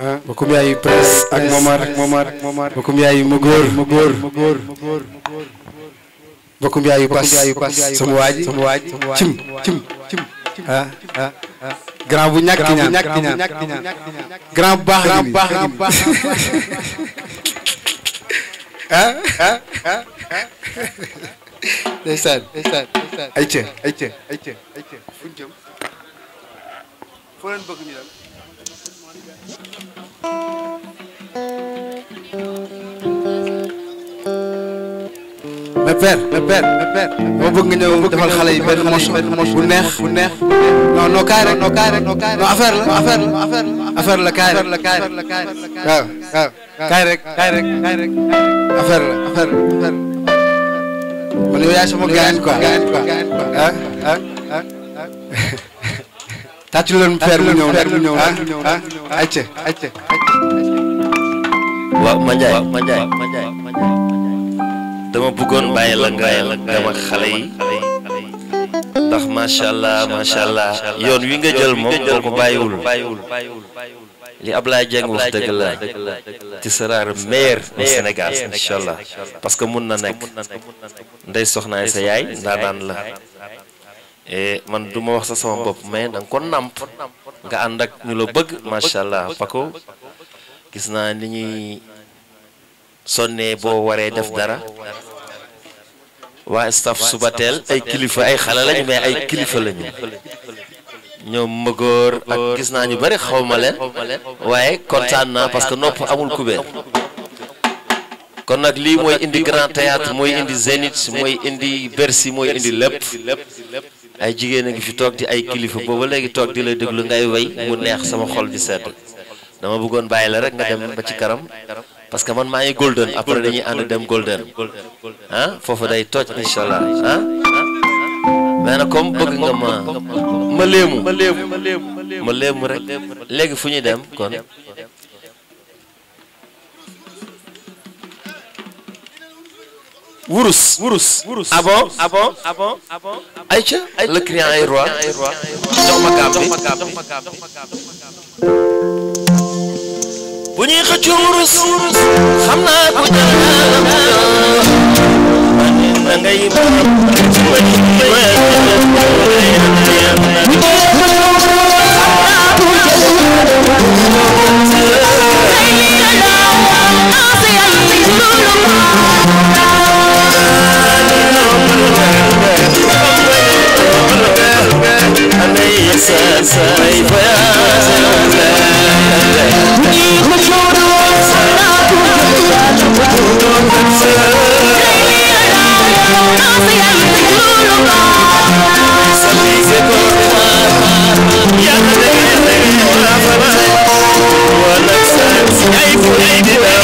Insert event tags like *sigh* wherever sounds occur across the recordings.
mbokkum yaayu presse ak Momar ak Momar mbokkum yaayu ma góor ma góor ma yaayu pass yaayu cim cim cim ah, ah, ah. grand bu ñàkk ñaan grand bu baax grand bu baax *laughs* ah ah ah ndeysaan ndeysaan ndeysaan mais père mais père mais père moo bëgg nga ñëw defal xale yi benn moche bu neex bu neex non non kaay rek non kaay rek non affaire la affaire la affaire la kaay rek kaay rek waaw waaw kaay rek kaay rek kaay rek affaire la affaire la man yow yaay sama gaañ quoi gaañ quoi ah ah ah tàcc leen père ñëw père ah, ah, ah, waaw ma Njaay dama bëggoon bàyyi la nga dem ak xale yi ndax macha allah macha allah yoon wi nga jël moom boo ko bàyyiwul li Ablaye Dieng wax dëgg la ci sera le meilleur du Sénégal allah parce que mun na nekk ndey soxnaay sa yaay ndaanaan la. Eh, man du ma wax sa sama bopp mais da nga ko nàmp nga ànd ak ñu la bëgg macha allah Paco gis naa ni ñuy sonnee boo waree def dara waa staff subateel ay kilifa ay xale lañu mais ay kilifa lañu ñoom mëgóor ak gis naa ñu bari xaw ma leen waaye kontaan naa parce que nopp amul kubéer kon nag lii mooy indi Grand Théâtre mooy indi Zénith mooy indi Bercy mooy indi lépp. ay jigéen a ngi fi toog di ay kilifa booba léegi toog di la déglu ngay way mu neex sama xol di sedd dama bëggoon bàyyi la rek nga dem ba ci kanam parce que man maa ngi golden après dañuy ànd dem golden ah foofu day tooj incha allah ah mais nag comme bëgg nga ma ma léemu ma léemu rek léegi fu ñu dem kon wurus wurus wurus abo abo abo abo ayca le client est roi jox ma gaab bi bu ñuy xëcc wurus xam naa ko na ngay Thank you. Yeah,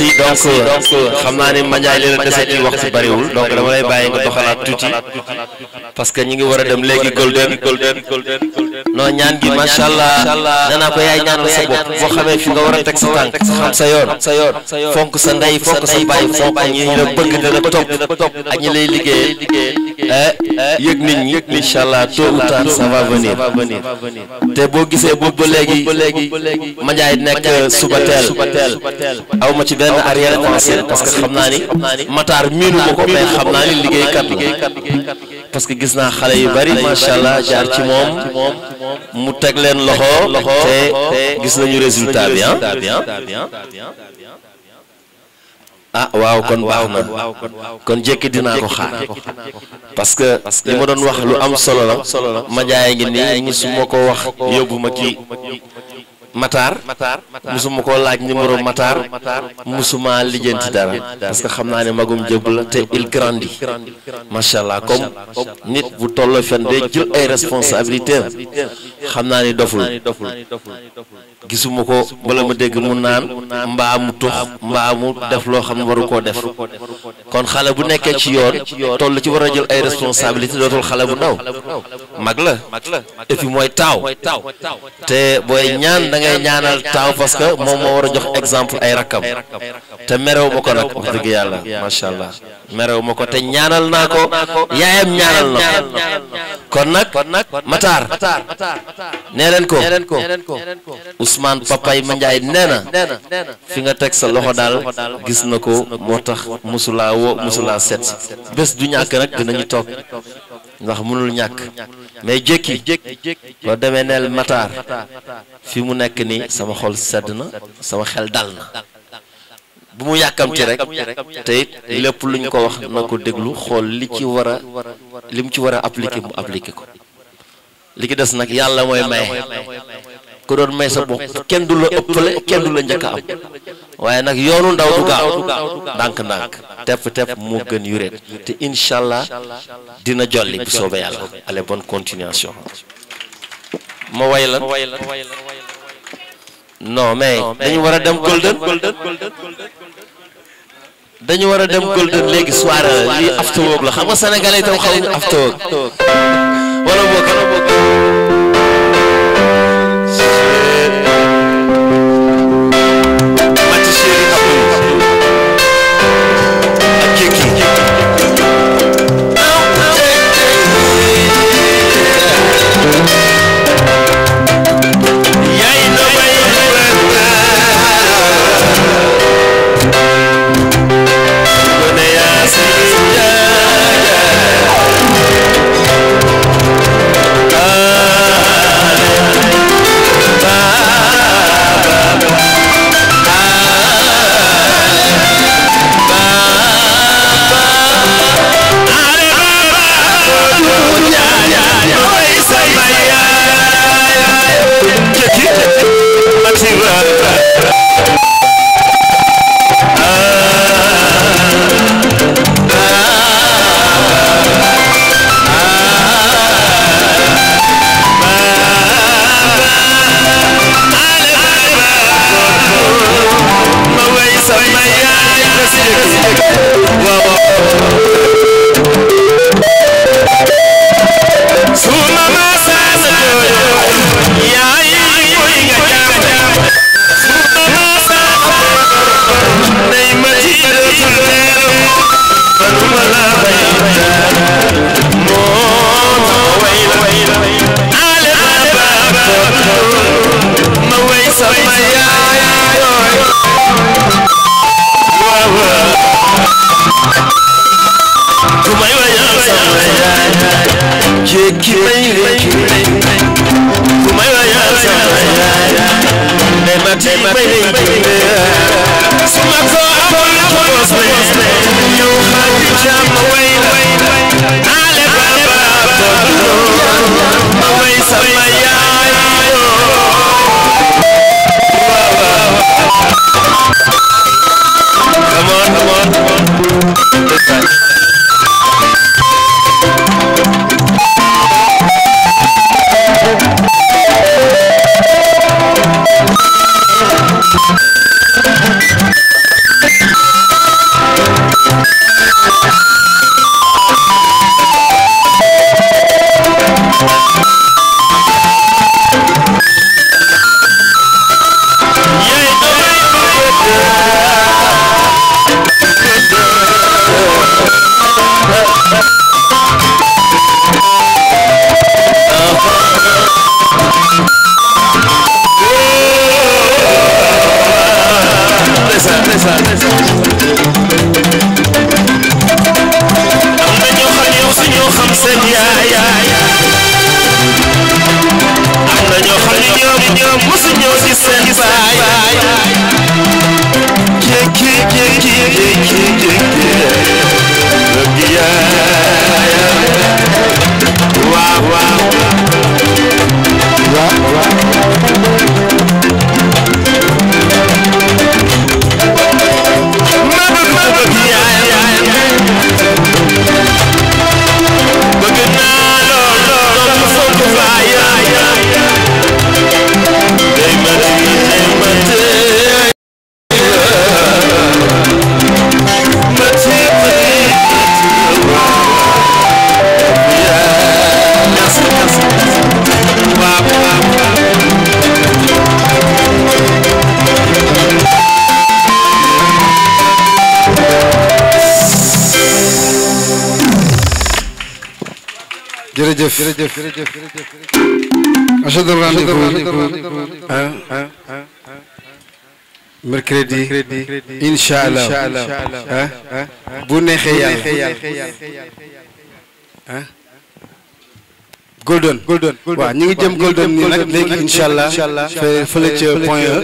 merci donc euh, euh, xam naa ne Mandiaye li la dese ci waxtu bariwul donc dama lay bàyyi nga doxalaat tuuti parce que ñi ngi war a dem léegi golden golden non ñaan gi macha allah danaa ko yaay ñaan sa bopp boo xamee fi nga war a teg sa tànk xam sa yoon sa yoon fonk sa ndey fonk sa baay fonk ñi la bëgg dana topp ak ñi lay liggéey eh, yëg nit ñi incha allah tôt ou tard ça va venir te boo gisee boobu ba léegi Mandiaye nekk euh, suba teel aw ma ci benn parce que xam naa ni mataar miinu ko mais xam naa ni liggéeykat la parce que gis naa xale yu bari macha allah jaar ci moom mu teg leen loxo te gis nañu résultat bi ah, ah waaw kon baax na kon jékki dinaa ko xaar parce que li ma doon wax lu am solo la ma jaay ngi nii su ma ko wax yóbbu ma ci Matar musuma koo laaj numéro Matar musuma lijjanti dara parce que xam naa ni magum jëbb la te il grandit macha allah comme nit bu tolloo fen day jël ay responsabilité xam naa ni doful gisuma ko bala ma dégg mu naan mbaa mu tux mbaa mu def loo xam ne waru koo def kon xale bu nekkee ci yoon toll ci war a jël ay responsabilité dootul xale bu ndaw mag la et puis mooy taaw te booy ñaan ngay ñaanal taaw parce que moom moo war a jox exemple ay rakkam te merew ma ko nag wax dëgg yàlla macha allah merew ma ko te ñaanal naa ko yaayam ñaanal na kon nag Matar nee leen ko Ousmane papay ma Ndiaye nee na fi nga teg sa loxo daal gis na ko moo tax mosulaa woo mosulaa set bés du ñàkk nag dinañu toog ndax mënul ñàkk mais jékki boo demee neel mataar fi mu nekk ni sama xol sedd na sama xel dal na bu mu yàkkamti rek te lépp lu luñ ko wax na ko déglu xool li ci wara a li mu ci war a appliqué mu appliqué ko li ki des nag yàlla mooy maye ku doon may sa bopp kenn du la ëppale kenn du la njëkk a am waaye nag yoonu ndaw du gaaw ndànk-ndànk tepp-tepp moo gën yuréet te incha allah dina jolli bu soobee yàlla allez bonne continuation ma way lan non mais dañu war a dem golden dañu war a dem golden léegi soirée lii after work la xam nga sénégalais itam xaw ñu after work wala boog ke ki mai ki mai kuma ya ya sa ya ya ne ma ti jërëjëf jërëjëf jërëjëf jërëjëf. achadu rendez-vous ah mercredi incha bu neexee yàlla Golden Golden waaw ñu ngi jëm Golden nii nag léegi incha allah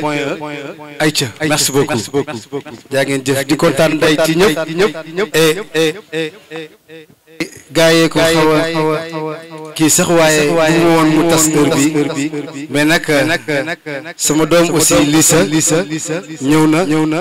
point E, e. ayca merci beaucoup jaa ngeen jëf di kontaan tey ci ñëpp et. Eh, eh, eh. gaayee ko xaw a xaw a kii sax waaye du ma woon mu tas heure bi mais nag sama doom aussi Lissa ñëw na ñëw na